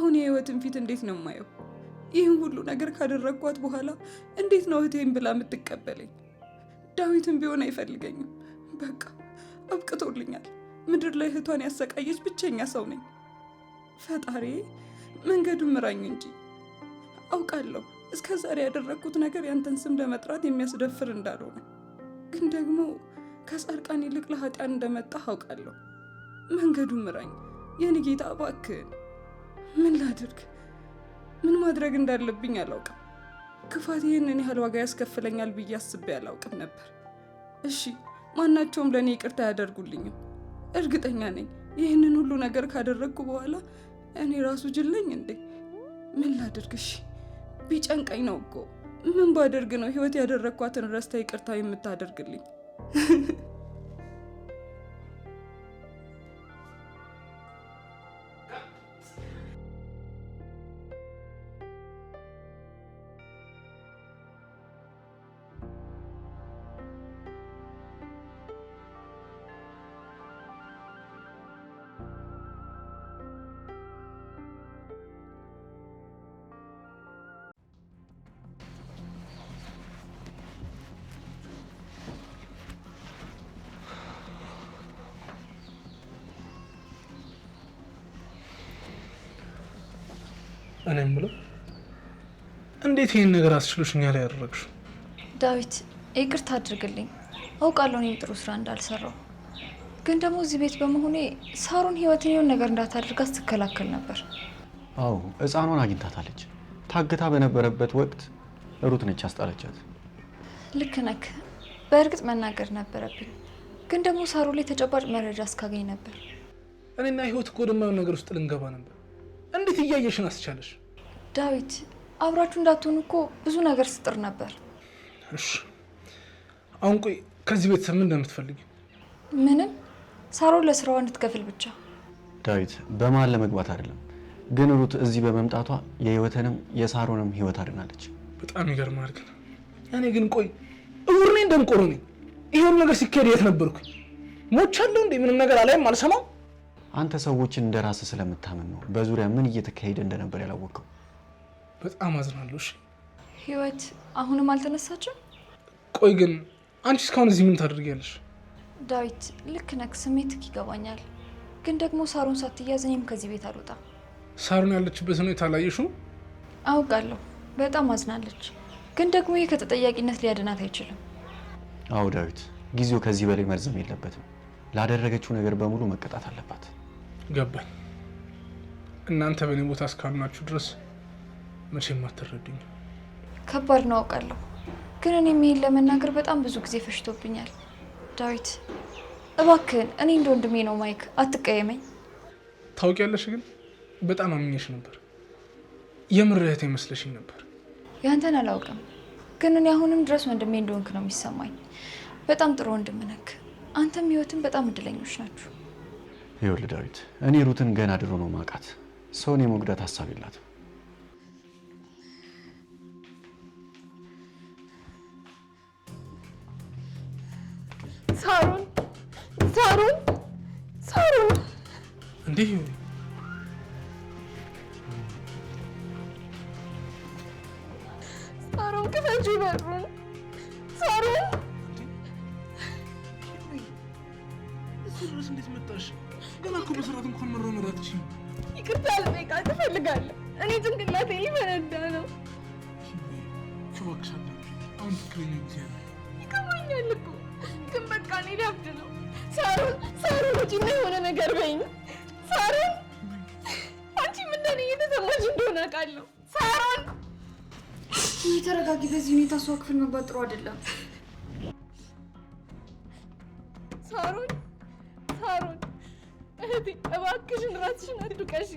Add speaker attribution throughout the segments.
Speaker 1: አሁን የህይወትን ፊት እንዴት ነው የማየው? ይህን ሁሉ ነገር ካደረግኳት በኋላ እንዴት ነው እህቴን ብላ የምትቀበለኝ? ዳዊትም ቢሆን አይፈልገኝም። በቃ አብቅቶልኛል። ምድር ላይ እህቷን ያሰቃየች ብቸኛ ሰው ነኝ። ፈጣሪ መንገዱን ምራኝ እንጂ አውቃለሁ እስከ ዛሬ ያደረግኩት ነገር ያንተን ስም ለመጥራት የሚያስደፍር እንዳልሆነ፣ ግን ደግሞ ከጻድቃን ይልቅ ለኃጢአን እንደመጣ አውቃለሁ። መንገዱን ምራኝ የኔ ጌታ እባክህን። ምን ላድርግ? ምን ማድረግ እንዳለብኝ አላውቅም። ክፋት ይህንን ያህል ዋጋ ያስከፍለኛል ብዬ አስቤ አላውቅም ነበር። እሺ፣ ማናቸውም ለእኔ ይቅርታ አያደርጉልኝም። እርግጠኛ ነኝ ይህንን ሁሉ ነገር ካደረግኩ በኋላ እኔ ራሱ ጅለኝ እንዴ? ምን ላድርግ? እሺ፣ ቢጨንቀኝ ነው እኮ ምን ባደርግ ነው ህይወት ያደረግኳትን ረስታ ይቅርታ የምታደርግልኝ?
Speaker 2: እኔም ብለው እንዴት ይህን ነገር አስችሎሽ እኛ ላይ
Speaker 3: ዳዊት ይቅርታ አድርግልኝ። አውቃለሁ እኔም ጥሩ ስራ እንዳልሰራው፣ ግን ደግሞ እዚህ ቤት በመሆኔ ሳሩን ህይወትን የሆን ነገር እንዳታደርግ ስትከላከል ነበር።
Speaker 2: አዎ ህፃኗን አግኝታታለች። ታግታ በነበረበት ወቅት ሩት ነች ያስጣለቻት።
Speaker 3: ልክ ነክ። በእርግጥ መናገር ነበረብኝ፣ ግን ደግሞ ሳሩ ላይ ተጨባጭ መረጃ እስካገኝ ነበር።
Speaker 2: እኔና ህይወት እኮ ነገር ውስጥ ልንገባ ነበር እንዴት እያየሽን አስቻለሽ?
Speaker 3: ዳዊት አብራችሁ እንዳትሆን እኮ ብዙ ነገር ስጥር ነበር።
Speaker 2: እሺ አሁን ቆይ፣ ከዚህ ቤተሰብ ምን እንደምትፈልጊ?
Speaker 3: ምንም፣ ሳሮን ለስራዋ እንድትከፍል ብቻ።
Speaker 2: ዳዊት በመሀል ለመግባት አይደለም፣ ግን ሩት እዚህ በመምጣቷ የህይወትንም የሳሮንም ህይወት አድናለች። በጣም ይገርማል። ግን እኔ ግን ቆይ እውር ነኝ ነኝ። ይሄን ነገር ሲካሄድ የት ነበርኩኝ? ሞቻለሁ እንዴ? ምንም ነገር አላይም አልሰማም አንተ ሰዎችን እንደ ራስህ ስለምታምን ነው በዙሪያ ምን እየተካሄደ እንደነበር ያላወቀው። በጣም አዝናለሽ።
Speaker 3: ህይወት አሁንም አልተነሳችም።
Speaker 2: ቆይ ግን አንቺ እስካሁን እዚህ ምን ታደርጊያለሽ?
Speaker 3: ዳዊት ልክ ነህ። ስሜትህ ይገባኛል። ግን ደግሞ ሳሮን ሳትያዝ እኔም ከዚህ ቤት አልወጣም።
Speaker 2: ሳሮን ያለችበት ሁኔታ አላየሽው?
Speaker 3: አውቃለሁ። በጣም አዝናለች። ግን ደግሞ ይህ ከተጠያቂነት ሊያድናት አይችልም።
Speaker 2: አዎ ዳዊት፣ ጊዜው ከዚህ በላይ መርዘም የለበትም። ላደረገችው ነገር በሙሉ መቀጣት አለባት። ገባኝ። እናንተ በእኔ ቦታ እስካሉናችሁ ድረስ መቼም አትረዱኝ።
Speaker 3: ከባድ ነው አውቃለሁ፣ ግን እኔም ይሄን ለመናገር በጣም ብዙ ጊዜ ፈሽቶብኛል። ዳዊት እባክህን፣ እኔ እንደ ወንድሜ ነው ማይክ፣ አትቀየመኝ።
Speaker 2: ታውቂያለሽ፣ ግን በጣም አምኜሽ ነበር። የምር እህቴ ነበር።
Speaker 3: ያንተን አላውቅም፣ ግን እኔ አሁንም ድረስ ወንድሜ እንደሆንክ ነው የሚሰማኝ። በጣም ጥሩ ወንድም ነህ። አንተም ህይወትም በጣም እድለኞች ናችሁ።
Speaker 2: ይኸውልህ ዳዊት፣ እኔ ሩትን ገና ድሮ ነው ማውቃት። ሰውን የመጉዳት ሀሳብ የላትም።
Speaker 3: ሳሮን ሳሮን ሳሮን! እንዲህ ሳሮን፣ ክፈጁ በሩን ሳሮን!
Speaker 2: እንዴት መጣሽ? ገና እኮ በስርዓት እንኳን መራመድ አትችይም።
Speaker 3: ይቅርታ ልጠይቃት እፈልጋለሁ። እኔ ጭንቅላቴ ይፈነዳ ነው።
Speaker 2: እባክሽ አሁን ትክክለኛ ጊዜ ነው።
Speaker 3: ይገባኛል እኮ ግን በቃ እኔ ሊያብድ ነው። ሳሮን ሳሮን፣ ውጪና የሆነ ነገር በይኝ። ሳሮን፣ አንቺ እንደኔ እየተሰማሽ እንደሆነ አውቃለሁ። ሳሮን፣ ይህ ተረጋጊ። በዚህ ሁኔታ እሷ ክፍል መግባት ጥሩ አይደለም። ሳሮን ሳሮን እህቴ እባክሽን ራስሽን አትውቀሺ።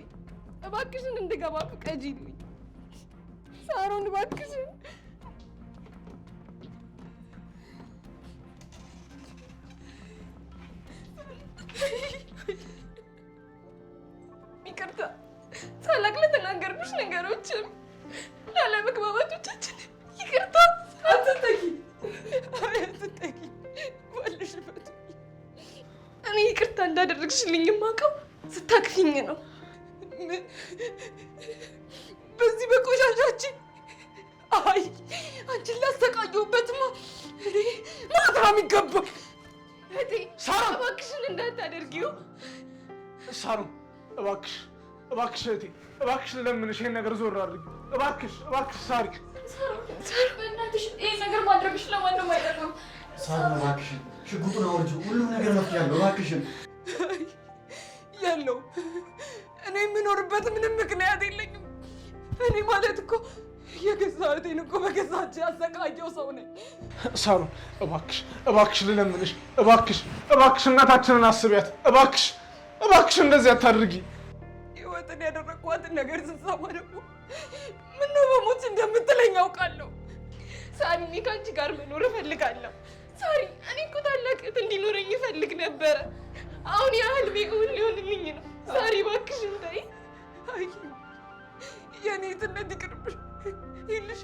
Speaker 3: እባክሽን እንድገባ ፍቀጂልኝ። ሳሮን እባክሽን ይቅርታ ሳላቅ ለተናገርኩሽ ነገሮችም ላለመግባባቶቻችን ይቅርታ። አትጠጊ፣ አትጠጊ ባለሽበት እኔ ይቅርታ እንዳደረግሽልኝ የማውቀው ስታክፊኝ ነው። በዚህ በቆሻሻችን አይ አንቺን ላስተቃየሁበትማ እኔ ማትራም ይገባል። እህቴ እባክሽን እንዳታደርጊው።
Speaker 2: ሳሩ እባክሽ፣ እባክሽ እህቴ፣ እባክሽ እህቴ እባክሽ ለምንሽ ይሄን ነገር ዞር አድርጊ እባክሽ፣ እባክሽ ሳሪ፣
Speaker 3: በእናትሽ ይሄን ነገር ማድረግሽ ለማንም አይጠቅምም።
Speaker 2: ሳም እባክሽን፣ ሽጉጡን አውርጂው። ሁሉም ነገር መፍትሄ አለው። እባክሽን
Speaker 3: ያለው እኔ የምኖርበት ምንም ምክንያት የለኝም። እኔ ማለት እኮ የገዛ እህቴን እኮ በገዛ እጄ ያሰቃየው ሰው ነኝ።
Speaker 2: ሳሩን እባክሽ፣ እባክሽ ልለምንሽ፣ እባክሽ፣ እባክሽ እናታችንን አስቢያት እባክሽ፣ እባክሽ እንደዚህ አታድርጊ።
Speaker 3: ህይወትን ያደረግኳትን ነገር ስሰማ ደግሞ ምነው በሞት እንደምትለኝ ያውቃለሁ። ሳሚ፣ ከአንቺ ጋር መኖር እፈልጋለሁ። ሳሪ፣ እኔ እኮ ታላቅ እህት እንዲኖረኝ ይፈልግ ነበረ። አሁን ያህል ቢሆን ሊሆንልኝ ነው። ሳሪ እባክሽ እንታይ አይ የኔ እህትነት ይቅርብሽ። ይልሽ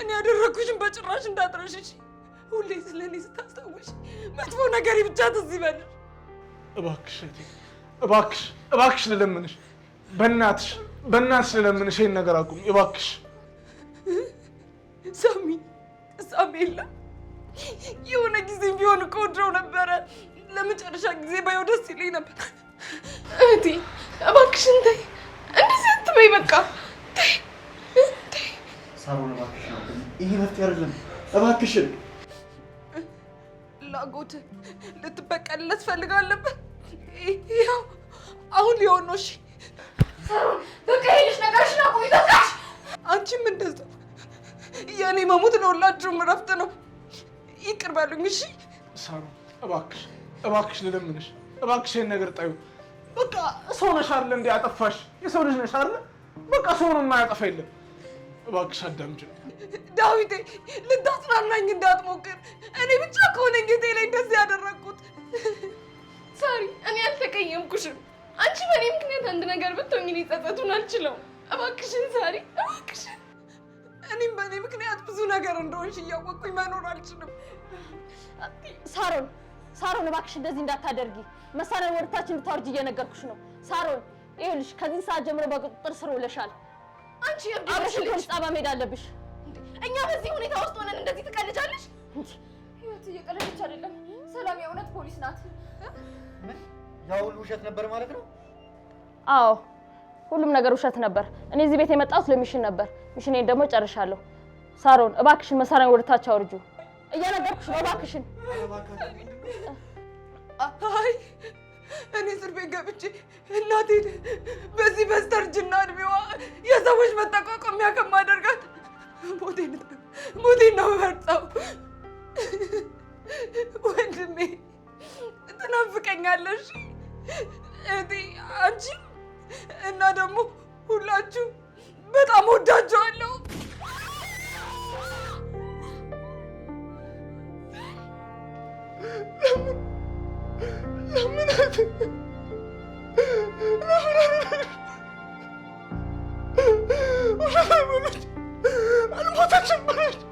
Speaker 3: እኔ ያደረግኩሽን በጭራሽ እንዳትረሽሽ። ሁሌ ስለ እኔ ስታስታውሽ መጥፎ ነገሬ ብቻ ትዝ ይበልሽ።
Speaker 2: እባክሽ እባክሽ ልለምንሽ፣ በእናትሽ፣ በእናትሽ ልለምንሽ፣ ይህን ነገር አቁም እባክሽ።
Speaker 3: ሳሚ ሳሚ የለም የሆነ ጊዜ ቢሆን እኮ ወድረው ነበረ። ለመጨረሻ ጊዜ ባየው ደስ ይለኝ ነበር። እህቴ እባክሽን ተይ፣ እንደዚህ አትበይ። በቃ
Speaker 2: ሳሮን እባክሽን፣ ይሄ መፍትሄ አይደለም። እባክሽን
Speaker 3: ላጎት ልትበቀልለት ፈልጋለበት። ይኸው አሁን ሊሆን ነው። እሺ በቃ ሄድሽ ነገርሽ ነው። ቆይ በቃሽ። አንቺም እንደዛ የእኔ መሞት ነው። ሁላችሁም እረፍት ነው። ይቅር በሉኝ። እሺ
Speaker 2: ሳሩ፣ እባክሽ እባክሽ ልለምንሽ፣ እባክሽ ይሄን ነገር ጣዩ። በቃ ሰው ነሽ አይደል? እንደ ያጠፋሽ የሰው ልጅ ነሽ አይደል? በቃ ሰው ነው የማያጠፋ የለም። እባክሽ አዳምጪ
Speaker 3: ዳዊቴ። ልታጽናናኝ እንዳትሞክር። እኔ ብቻ ከሆነ ጌቴ ላይ እንደዚህ ያደረግኩት። ሳሪ፣ እኔ አልተቀየምኩሽም። አንቺ በእኔ ምክንያት አንድ ነገር ብትሆኝ እኔ ጸጸቱን አልችለውም። እባክሽን ሳሪ፣ እባክሽን። እኔም በእኔ ምክንያት ብዙ ነገር እንደሆንሽ እያወቅኩኝ መኖር አልችልም።
Speaker 4: ሳሮን ሳሮን እባክሽ እንደዚህ እንዳታደርጊ። መሳሪያ ወደታች እንድታወርጂ እየነገርኩሽ ነው። ሳሮን ይኸውልሽ፣ ከዚህ ሰዓት ጀምሮ በቁጥጥር ስር ውለሻል። አንቺ የብድ አብሽ ፖሊስ ጣቢያ መሄድ አለብሽ።
Speaker 3: እኛ በዚህ ሁኔታ ውስጥ ሆነን እንደዚህ ትቀልጃለሽ? ህይወት እየቀለደች አይደለም። ሰላም የእውነት ፖሊስ ናት።
Speaker 2: ያ ሁሉ ውሸት ነበር ማለት ነው?
Speaker 4: አዎ ሁሉም ነገር ውሸት ነበር። እኔ እዚህ ቤት የመጣሁት ለሚሽን ነበር። ሚሽኔን ደግሞ ጨርሻለሁ። ሳሮን እባክሽን መሳሪያ ወደታች አውርጁ። እየነገርኩሽ ነው። እባክሽን
Speaker 3: አይ እኔ እስር ቤት ገብቼ እናቴን በዚህ በስተርጅና እድሜዋ የሰዎች መጠቋቋሚያ ከማደርጋት ሞቴን ነው መርጠው። ወንድሜ ትናፍቀኛለሽ፣ እህቴ አንቺ እና ደግሞ ሁላችሁ በጣም ወዳቸዋለሁ። Anam atacağım bana.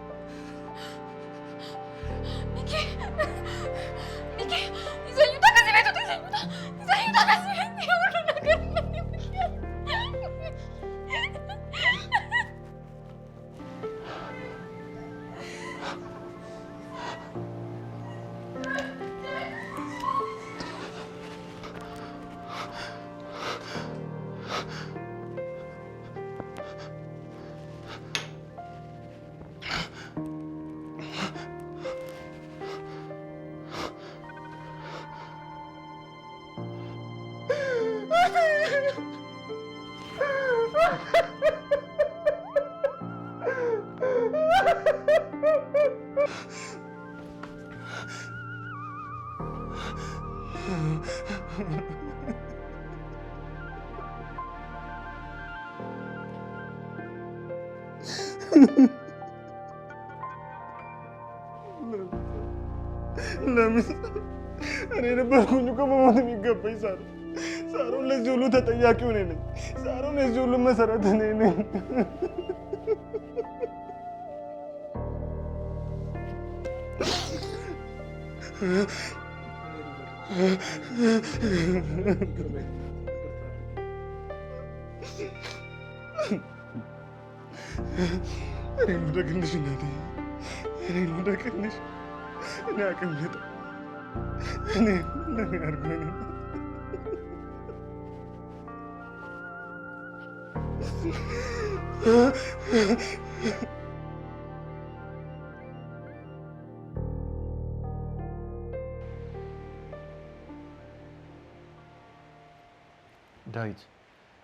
Speaker 2: ለምን እኔ ነበርኩኝ እኮ መሞት የሚገባኝ ሳሮ ሳሮን ለዚህ ሁሉ ተጠያቂው እኔ ነኝ። ሳሮን ለዚህ ሁሉ መሰረት እኔ ነኝ። እኔ ልውደቅልሽ እናቴ፣ እኔ ልውደቅልሽ። እኔ አቅም ልጥ እኔ ለሚያርጎኝ ዳዊት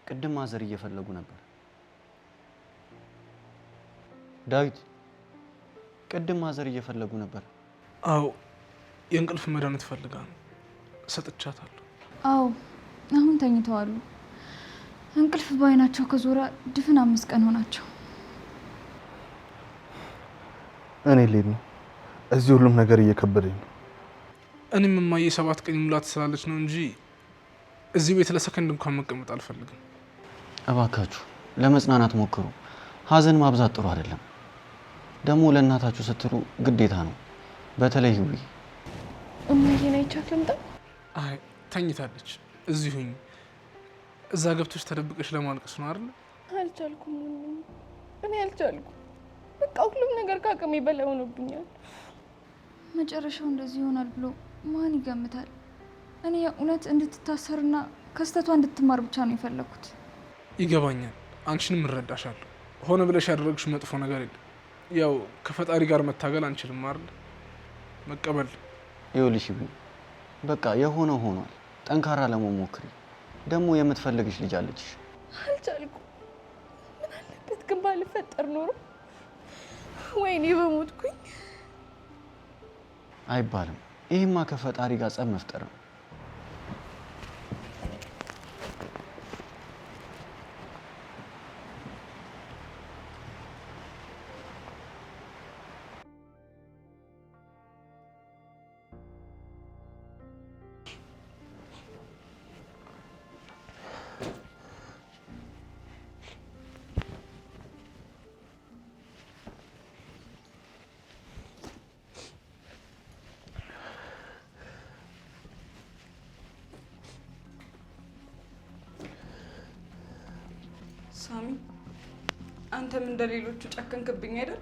Speaker 2: ቅድም ማዘር እየፈለጉ ነበር። ዳዊት ቅድም ማዘር እየፈለጉ ነበር። አዎ የእንቅልፍ መድኃኒት ፈልጋ ነው ሰጥቻታለሁ።
Speaker 3: አዎ አሁን ተኝተዋሉ። እንቅልፍ በአይናቸው ከዞረ ድፍን አምስት ቀን ሆናቸው።
Speaker 2: እኔ ሌድ ነው። እዚህ ሁሉም ነገር እየከበደኝ ነው። እኔም እማዬ ሰባት ቀን ሙላት ስላለች ነው እንጂ እዚህ ቤት ለሰከንድ እንኳን መቀመጥ አልፈልግም። እባካችሁ ለመጽናናት ሞክሩ። ሀዘን ማብዛት ጥሩ አይደለም። ደግሞ ለእናታችሁ ስትሉ ግዴታ ነው። በተለይ ህዊ
Speaker 3: እማዬን አይቻት ልምጣ።
Speaker 2: አይ ተኝታለች። እዚሁኝ እዛ ገብቶች ተደብቀሽ ለማልቀስ ነው አይደል?
Speaker 3: አልቻልኩም፣ እኔ አልቻልኩም። በቃ ሁሉም ነገር ከአቅሜ በላይ ሆኖብኛል። መጨረሻው እንደዚህ ይሆናል ብሎ ማን ይገምታል? እኔ እውነት እንድትታሰርና ከስተቷ እንድትማር ብቻ ነው የፈለግኩት።
Speaker 2: ይገባኛል። አንቺንም እረዳሻለሁ። ሆነ ብለሽ ያደረግሽ መጥፎ ነገር የለም ያው ከፈጣሪ ጋር መታገል አንችልም አይደል? መቀበል ይኸውልሽ፣ በቃ የሆነ ሆኗል። ጠንካራ ለመሞክሪ ደግሞ የምትፈልግሽ ልጅ አለች።
Speaker 3: አልቻልኩም። ምን አለበት ግን ባልፈጠር ኖሮ። ወይኔ በሞትኩኝ
Speaker 2: አይባልም። ይህማ ከፈጣሪ ጋር ጸብ መፍጠር ነው።
Speaker 3: ሳሚ አንተም እንደ ሌሎቹ ጨከንክብኝ አይደል?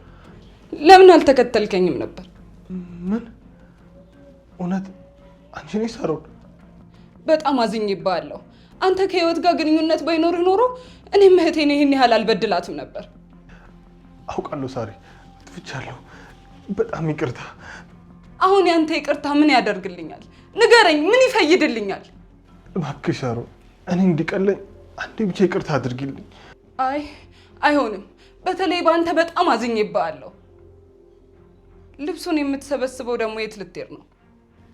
Speaker 4: ለምን አልተከተልከኝም ነበር?
Speaker 2: ምን እውነት አንቺ ነሽ ሳሮን?
Speaker 4: በጣም አዝኜብሃለሁ። አንተ ከህይወት ጋር ግንኙነት ባይኖርህ ኖሮ እኔም እህቴን ይህን ያህል አልበድላትም ነበር።
Speaker 2: አውቃለሁ ሳሪ፣ አጥፍቻለሁ። በጣም ይቅርታ።
Speaker 4: አሁን ያንተ ይቅርታ ምን ያደርግልኛል? ንገረኝ፣ ምን ይፈይድልኛል?
Speaker 2: እባክሽ ሳሮን፣ እኔ እንዲቀለኝ አንዴ ብቻ ይቅርታ አድርግልኝ።
Speaker 4: አይ አይሆንም። በተለይ በአንተ በጣም አዝኜብሃለሁ። ልብሱን የምትሰበስበው ደግሞ የት ልትሄድ ነው?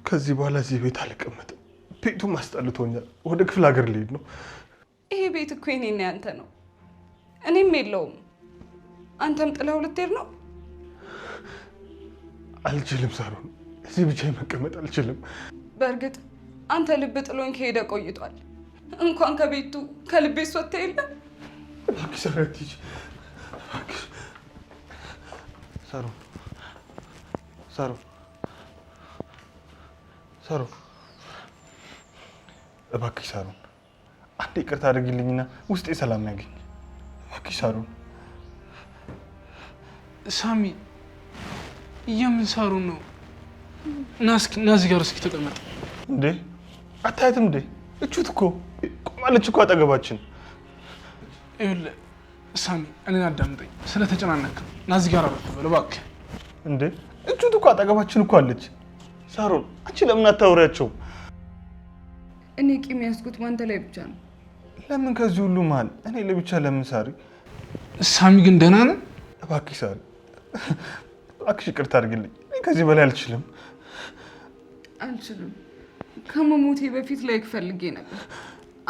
Speaker 2: ከዚህ በኋላ እዚህ ቤት አልቀመጥም። ቤቱም አስጠልቶኛል። ወደ ክፍለ ሀገር ልሄድ ነው።
Speaker 4: ይሄ ቤት እኮ የኔና ያንተ ነው። እኔም የለውም። አንተም ጥለው ልትሄድ ነው?
Speaker 2: አልችልም ሳሮን፣ እዚህ ብቻ መቀመጥ አልችልም።
Speaker 4: በእርግጥ አንተ ልብ ጥሎኝ ከሄደ ቆይቷል። እንኳን ከቤቱ ከልቤ ወጥተህ የለም
Speaker 2: እባክሽ ዛሬ አትሂጂ። እባክሽ ሳሮ፣ ሳሮ፣ ሳሮ፣ እባክሽ ሳሮን አንድ ይቅርታ አድርግልኝና ውስጤ ሰላም ያገኝ። እባክሽ ሳሮን። ሳሚ፣ የምን ሳሩን ነው? ና ጋር እስኪ ተቀመጥ። እንዴ አታያትም እንዴ? እቹት እኮ ቆማለች እኮ አጠገባችን ይኸውልህ ሳሚ እኔን አዳምጠኝ። ስለተጨናነክ ናዚ ጋር አረፍ በለው እባክህ። እንዴ እጁ እኮ አጠገባችን እኮ አለች። ሳሮን አንቺ ለምን አታወሪያቸው?
Speaker 4: እኔ ቂም ያዝኩት ባንተ ላይ ብቻ ነው።
Speaker 2: ለምን ከዚህ ሁሉ መሀል እኔ ለብቻ ለምን? ሳሪ ሳሚ ግን ደህና ነህ? እባክሽ ሳሪ እባክሽ ይቅርታ አድርግልኝ። ከዚህ በላይ አልችልም
Speaker 4: አልችልም። ከመሞቴ በፊት ላይ ፈልጌ ነበር።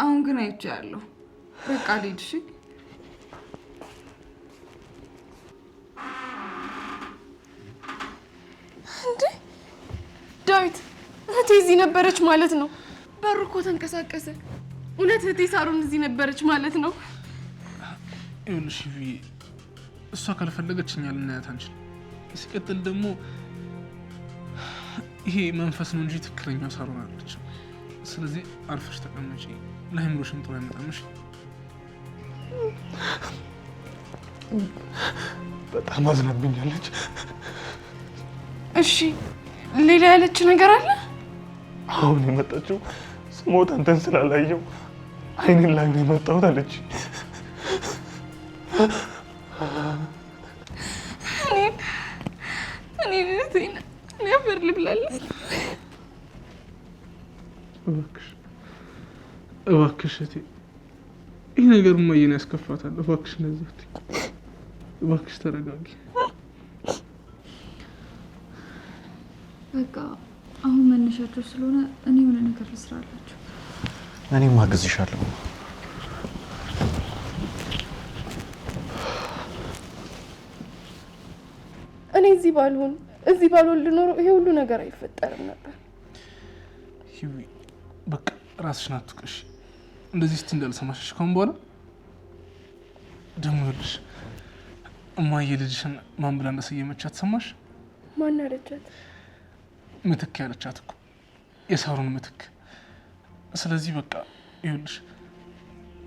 Speaker 4: አሁን ግን አይቻለሁ። በቃ ልሂድ እሺ
Speaker 3: ዳዊት እህቴ እዚህ ነበረች ማለት ነው። በሩ እኮ ተንቀሳቀሰ። እውነት እህቴ ሳሮን እዚህ ነበረች ማለት ነው።
Speaker 2: ይኸውልሽ እሷ ካልፈለገችኝ ልናያት አንችል። ሲቀጥል ደግሞ ይሄ መንፈስ ነው እንጂ ትክክለኛው ሳሮን አለች። ስለዚህ አርፈሽ ተቀመጪ፣ ለአይምሮሽም ጥሩ አይመጣምሽ። በጣም አዝናብኛለች።
Speaker 3: እሺ ሌላ ያለች ነገር አለ።
Speaker 2: አሁን የመጣችው ስሞት አንተን ስላላየው አይኔን ላይ ነው የመጣሁት አለች። ልብላለች። እባክሽ ይህ ነገር ማየን ያስከፋታል። እባክሽ ነዛት እባክሽ ተረጋጊ።
Speaker 3: በቃ አሁን መነሻቸው ስለሆነ እኔ የሆነ ነገር ልስራላቸው።
Speaker 2: እኔ ማግዝሻለሁ።
Speaker 3: እኔ እዚህ ባልሆን እዚህ ባልሆን ልኖሩ ይሄ ሁሉ ነገር አይፈጠርም ነበር።
Speaker 2: ሂዊ በቃ ራስሽን አትውቅሽ። እንደዚህ ስቲ እንዳልሰማሽሽ ከሆን በኋላ ደግሞ ልሽ እማዬ ልጅሽን ማን ብላ እንደሰየመቻት ሰማሽ?
Speaker 3: ማን አለቻት?
Speaker 2: ምትክ ያለቻት እኮ የሳሩን ምትክ። ስለዚህ በቃ ይኸውልሽ፣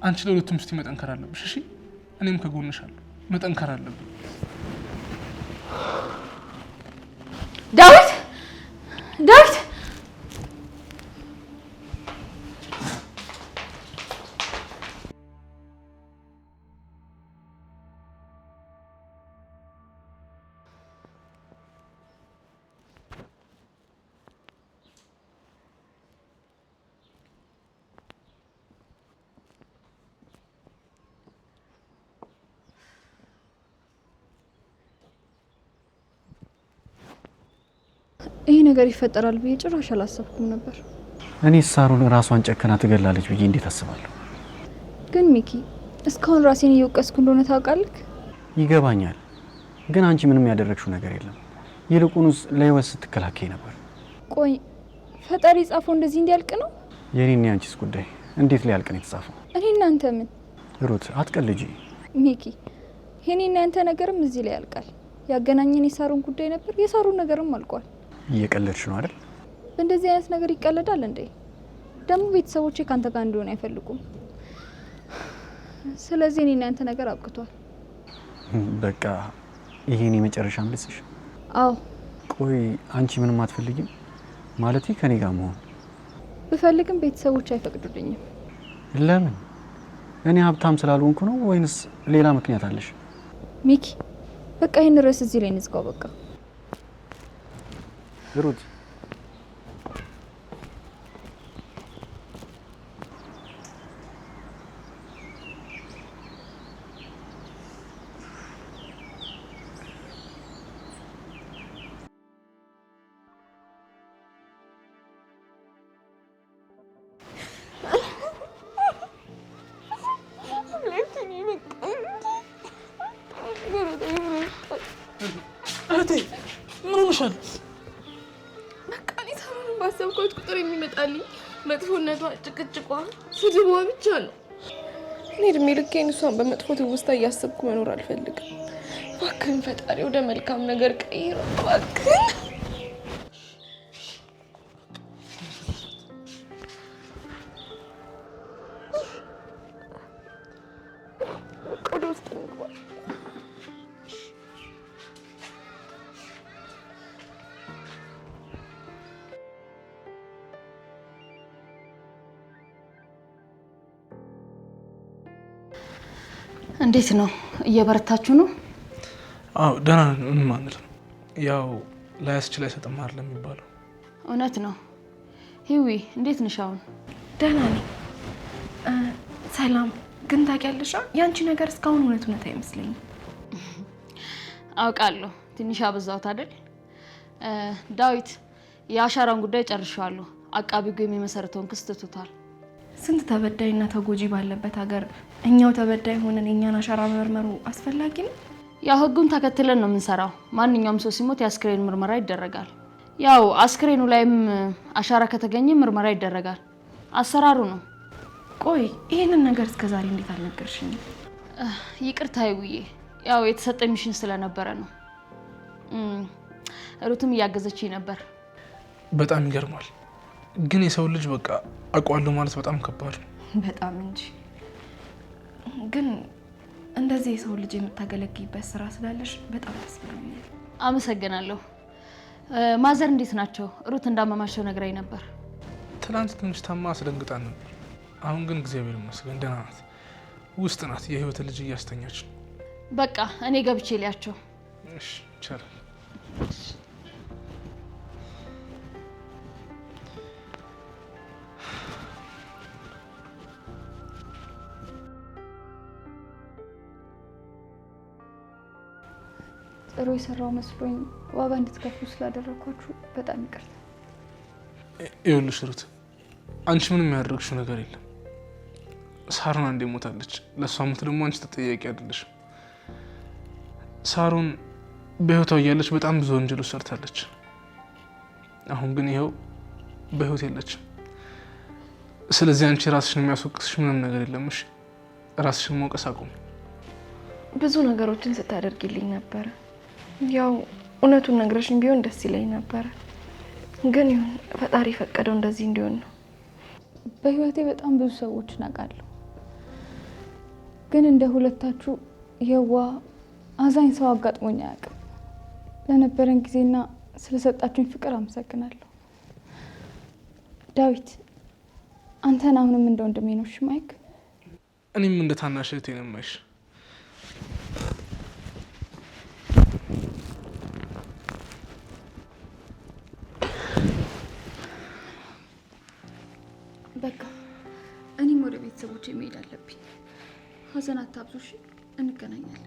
Speaker 2: አንቺ ለሁለቱም እስቲ መጠንከር አለብሽ። እሺ፣ እኔም ከጎንሽ አለሁ። መጠንከር አለብን
Speaker 3: ዳዊት ይሄ ነገር ይፈጠራል ብዬ ጭራሽ አላሰብኩም ነበር።
Speaker 2: እኔ ሳሩን ራሷን ጨከና ትገላለች ብዬ እንዴት አስባለሁ?
Speaker 3: ግን ሚኪ እስካሁን ራሴን እየወቀስኩ እንደሆነ ታውቃለህ።
Speaker 2: ይገባኛል፣ ግን አንቺ ምንም ያደረግሽው ነገር የለም። ይልቁንስ ለህይወት ስትከላከይ ነበር።
Speaker 3: ቆይ ፈጣሪ የጻፈው እንደዚህ እንዲያልቅ ነው?
Speaker 2: የኔና የአንቺስ ጉዳይ እንዴት ሊያልቅ ነው የተጻፈው?
Speaker 3: እኔ እናንተ ምን
Speaker 2: ሩት፣ አትቀልጂ
Speaker 3: ሚኪ። የኔና ያንተ ነገርም እዚህ ላይ ያልቃል። ያገናኘን የሳሩን ጉዳይ ነበር። የሳሩን ነገርም አልቋል።
Speaker 2: እየቀለድሽ ነው አይደል?
Speaker 3: በእንደዚህ አይነት ነገር ይቀለዳል እንዴ? ደግሞ ቤተሰቦቼ ካንተ ጋር እንደሆነ አይፈልጉም። ስለዚህ እኔ እናንተ ነገር አብቅቷል።
Speaker 2: በቃ ይሄን የመጨረሻ አንብስሽ። አዎ። ቆይ አንቺ ምንም አትፈልጊም ማለት ከኔ ጋር መሆን?
Speaker 3: ብፈልግም ቤተሰቦች አይፈቅዱልኝም።
Speaker 2: ለምን? እኔ ሀብታም ስላልሆንኩ ነው ወይንስ ሌላ ምክንያት አለሽ?
Speaker 3: ሚኪ፣ በቃ ይህን ርዕስ እዚህ ላይ ንዝጋው። በቃ беруть እሷን በመጥፎ ትውስታ እያሰብኩ መኖር አልፈልግም። እባክህን ፈጣሪ ወደ መልካም ነገር ቀይሮ እባክህን ወደ ውስጥ እንግባ።
Speaker 4: እንዴት ነው? እየበረታችሁ ነው?
Speaker 2: አዎ ደህና ማለት ነው? ያው ላያስችል አይሰጥም አይደል የሚባለው።
Speaker 4: እውነት ነው። ሂዊ እንዴት ነሽ? አሁን
Speaker 3: ደህና ነኝ። ሰላም ግን ታውቂያለሽ፣ የአንቺ ነገር እስካሁን እውነት እውነት አይመስለኝም።
Speaker 4: አውቃለሁ ትንሽ አበዛሁት አይደል? ዳዊት የአሻራን ጉዳይ ጨርሻለሁ። አቃቢ ሕጉ የሚመሰርተውን ክስ ትቶታል።
Speaker 3: ስንት ተበዳይና ተጎጂ ባለበት ሀገር እኛው ተበዳይ ሆነን የእኛን አሻራ መመርመሩ አስፈላጊ ነው?
Speaker 4: ያው ህጉን ተከትለን ነው የምንሰራው። ማንኛውም ሰው ሲሞት የአስክሬን ምርመራ ይደረጋል። ያው አስክሬኑ ላይም አሻራ ከተገኘ ምርመራ ይደረጋል። አሰራሩ ነው።
Speaker 3: ቆይ ይህንን ነገር እስከዛሬ እንዴት አልነገርሽኝ?
Speaker 4: ይቅርታ ይውዬ ያው የተሰጠ ሚሽን ስለነበረ ነው። ሩትም እያገዘች ነበር።
Speaker 2: በጣም ይገርማል። ግን የሰው ልጅ በቃ አውቀዋለሁ ማለት በጣም ከባድ ነው።
Speaker 3: በጣም እንጂ ግን እንደዚህ የሰው ልጅ የምታገለግይበት ስራ ስላለሽ በጣም ደስ ብሎኛል።
Speaker 4: አመሰግናለሁ። ማዘር እንዴት ናቸው? ሩት እንዳመማቸው ነግራኝ ነበር።
Speaker 2: ትናንት ትንሽ ታማ አስደንግጣ ነበር። አሁን ግን እግዚአብሔር ይመስገን ደህና ናት። ውስጥ ናት። የህይወት ልጅ እያስተኛች ነው።
Speaker 4: በቃ እኔ ገብቼ ሊያቸው።
Speaker 2: እሺ፣ እሺ
Speaker 3: ጥሩ የሰራው መስሎኝ ዋጋ እንድትከፍሉ ስላደረግኳችሁ በጣም ይቅርታ።
Speaker 2: ይኸውልሽ ሩት፣ አንቺ ምንም ያደረግሽው ነገር የለም። ሳሮን አንዴ ሞታለች። ለእሷ ሞት ደግሞ አንቺ ተጠያቂ አይደለሽም። ሳሮን በህይወቷ እያለች በጣም ብዙ ወንጀሎች ሰርታለች። አሁን ግን ይኸው በህይወት የለችም። ስለዚህ አንቺ ራስሽን የሚያስወቅስሽ ምንም ነገር የለምሽ። ራስሽን መውቀስ አቁም።
Speaker 3: ብዙ ነገሮችን ስታደርግልኝ ነበረ ያው እውነቱን ነግረሽኝ ቢሆን ደስ ይለኝ ነበረ፣ ግን ይሁን ፈጣሪ የፈቀደው እንደዚህ እንዲሆን ነው። በህይወቴ በጣም ብዙ ሰዎች እናውቃለሁ፣ ግን እንደ ሁለታችሁ የዋ አዛኝ ሰው አጋጥሞኝ አያውቅም። ለነበረን ጊዜና ስለሰጣችሁኝ ፍቅር አመሰግናለሁ። ዳዊት አንተን አሁንም እንደ ወንድሜ ነው ማይክ
Speaker 2: እኔም እንደ ታናሽ እህቴ ነው የማይሽ
Speaker 3: ተጋብዙ። እንገናኛለን።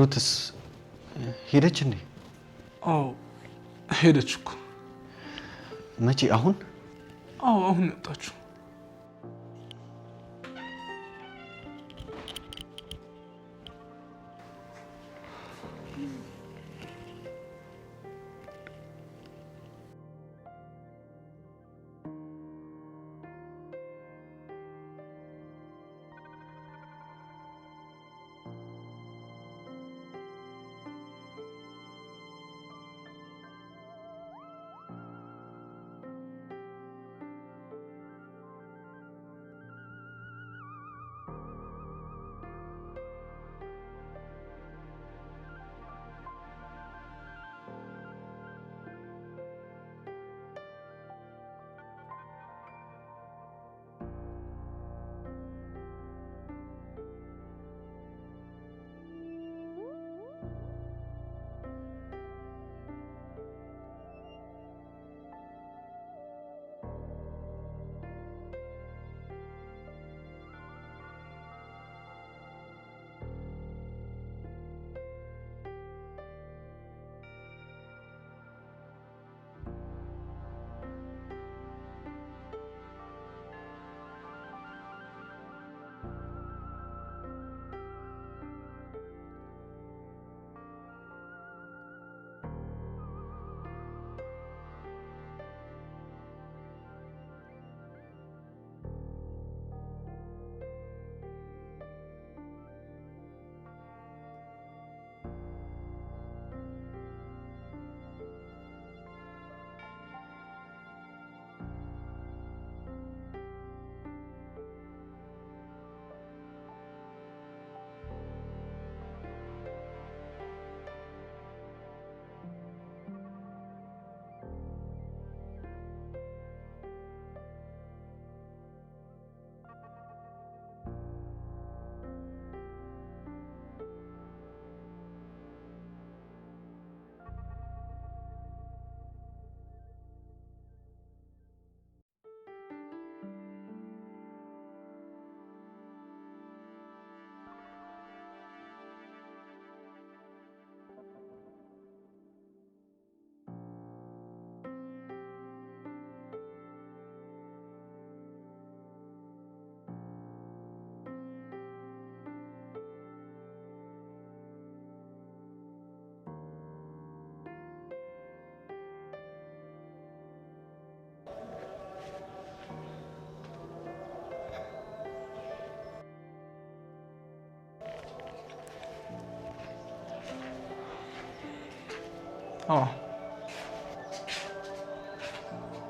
Speaker 2: ሩትስ ሄደች እንዴ? አዎ ሄደች እኮ። መቼ? አሁን? አዎ አሁን መጣችሁ።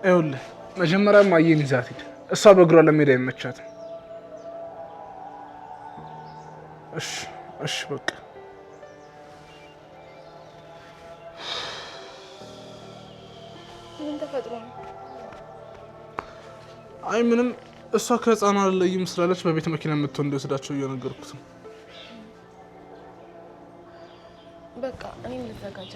Speaker 2: ይኸውልህ መጀመሪያ አየን ይዛት ሂድ። እሷ በእግሯ ለመሄድ አይመቻትም። እሺ እሺ፣ በቃ አይ ምንም። እሷ ከህፃኗ አልለይም ስላለች በቤት መኪና መጥቶ እንዲወስዳቸው እየነገርኩት ነው።
Speaker 3: በቃ እኔ ልዘጋጃ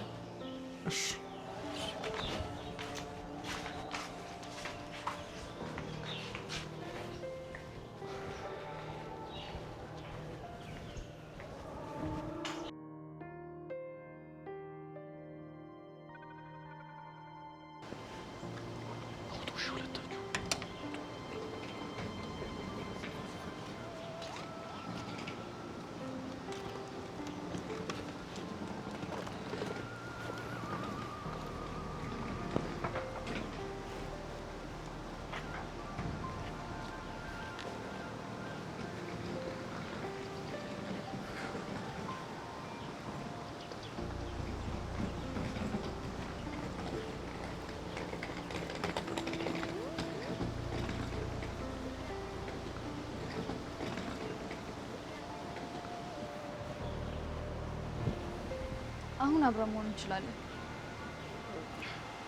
Speaker 4: አሁን አብረን መሆን እንችላለን።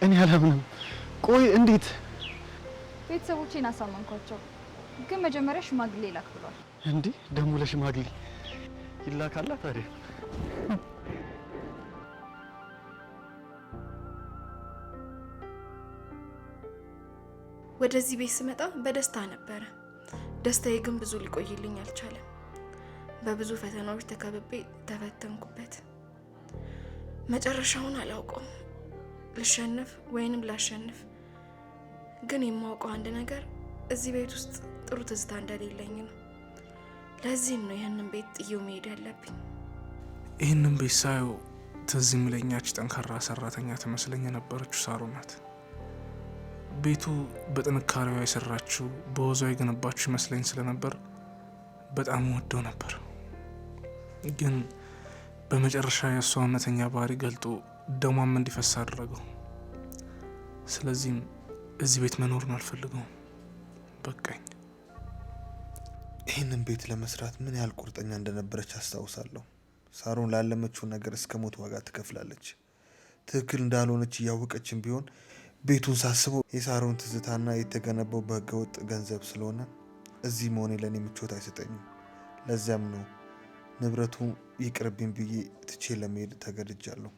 Speaker 2: እኔ አላምንም። ቆይ እንዴት?
Speaker 4: ቤተሰቦቼን አሳመንኳቸው፣ ግን መጀመሪያ ሽማግሌ ላክ ብሏል።
Speaker 2: እንዲህ ደግሞ ለሽማግሌ ይላካላ ታዲያ?
Speaker 3: ወደዚህ ቤት ስመጣ በደስታ ነበረ። ደስታዬ ግን ብዙ ሊቆይልኝ አልቻለም። በብዙ ፈተናዎች ተከብቤ ተፈተንኩበት። መጨረሻውን አላውቀውም። ልሸንፍ ወይንም ላሸንፍ፣ ግን የማውቀው አንድ ነገር እዚህ ቤት ውስጥ ጥሩ ትዝታ እንደሌለኝ ነው። ለዚህም ነው ይህንን ቤት ጥዬ መሄድ ያለብኝ።
Speaker 2: ይህንን ቤት ሳየው ትዝ የሚለኛች ጠንካራ ሰራተኛ ትመስለኝ የነበረችው ሳሩ ናት። ቤቱ በጥንካሬዋ የሰራችው በወዟ የገነባችው ይመስለኝ ስለነበር በጣም ወደው ነበር ግን በመጨረሻ የእሷ እውነተኛ ባህሪ ገልጦ ደሟም እንዲፈሳ አደረገው። ስለዚህም እዚህ ቤት መኖርን አልፈልገውም፣ በቃኝ። ይህንን ቤት ለመስራት ምን ያህል ቁርጠኛ እንደነበረች አስታውሳለሁ። ሳሮን ላለመችው ነገር እስከ ሞት ዋጋ ትከፍላለች። ትክክል እንዳልሆነች እያወቀችም ቢሆን ቤቱን ሳስበው የሳሮን ትዝታና የተገነባው በህገወጥ ገንዘብ ስለሆነ እዚህ መሆኔ ለእኔ ምቾት አይሰጠኝም። ለዚያም ነው ንብረቱ ይቅርብኝ ብዬ ትቼ ለመሄድ ተገድጃለሁ።